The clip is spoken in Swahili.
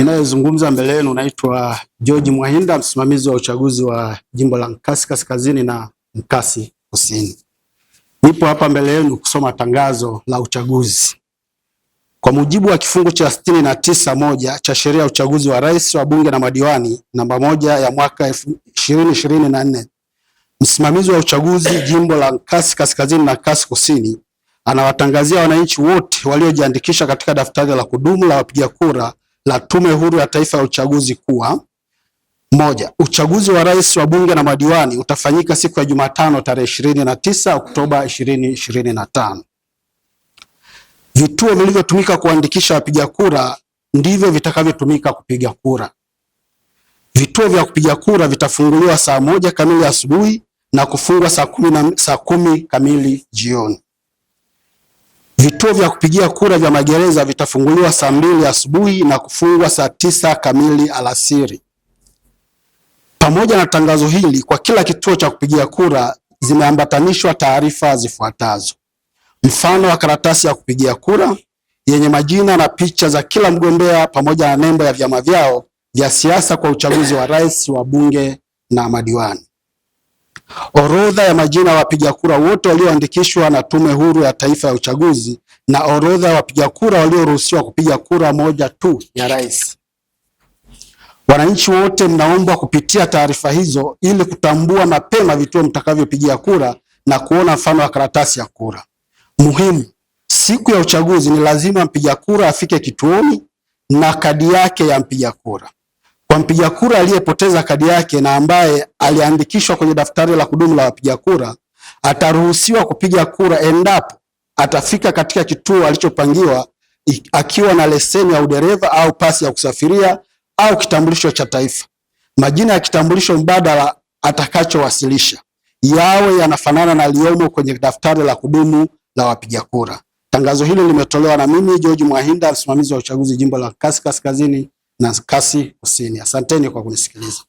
Ninayezungumza mbele yenu naitwa George Mwahinda, msimamizi wa uchaguzi wa jimbo la Nkasi Kaskazini na Nkasi Kusini. Nipo hapa mbele yenu kusoma tangazo la uchaguzi. Kwa mujibu wa kifungu cha sitini na tisa moja cha sheria ya uchaguzi wa rais wa bunge na madiwani namba moja ya mwaka 2024, msimamizi wa uchaguzi jimbo la Nkasi Kaskazini na Nkasi Kusini anawatangazia wananchi wote waliojiandikisha katika daftari la kudumu la wapiga kura la Tume Huru ya Taifa ya Uchaguzi kuwa moja, uchaguzi wa rais wa bunge na madiwani utafanyika siku ya Jumatano tarehe 29 Oktoba 2025. Vituo vilivyotumika kuandikisha wapiga kura ndivyo vitakavyotumika kupiga kura. Vituo vya kupiga kura vitafunguliwa saa moja kamili asubuhi na kufungwa saa kumi, na, saa kumi kamili jioni. Vituo vya kupigia kura vya magereza vitafunguliwa saa mbili asubuhi na kufungwa saa tisa kamili alasiri. Pamoja na tangazo hili, kwa kila kituo cha kupigia kura zimeambatanishwa taarifa zifuatazo: mfano wa karatasi ya kupigia kura yenye majina na picha za kila mgombea pamoja na nembo ya vyama vyao vya siasa kwa uchaguzi wa rais, wa bunge na madiwani. Orodha ya majina ya wapiga kura wote walioandikishwa na Tume Huru ya Taifa ya Uchaguzi na orodha ya wapiga kura walioruhusiwa kupiga kura moja tu ya rais. Wananchi wote mnaombwa kupitia taarifa hizo ili kutambua mapema vituo mtakavyopigia kura na kuona mfano wa karatasi ya kura. Muhimu, siku ya uchaguzi ni lazima mpiga kura afike kituoni na kadi yake ya mpiga kura kwa mpiga kura aliyepoteza kadi yake na ambaye aliandikishwa kwenye daftari la kudumu la wapiga kura ataruhusiwa kupiga kura endapo atafika katika kituo alichopangiwa akiwa na leseni ya udereva au pasi ya kusafiria au kitambulisho cha taifa. Majina ya kitambulisho mbadala atakachowasilisha yawe yanafanana na liomo kwenye daftari la kudumu la wapiga kura. Tangazo hili limetolewa na mimi George Mwahinda, msimamizi wa uchaguzi jimbo la Kaskazini na kasi Kusini. Asanteni kwa kunisikiliza.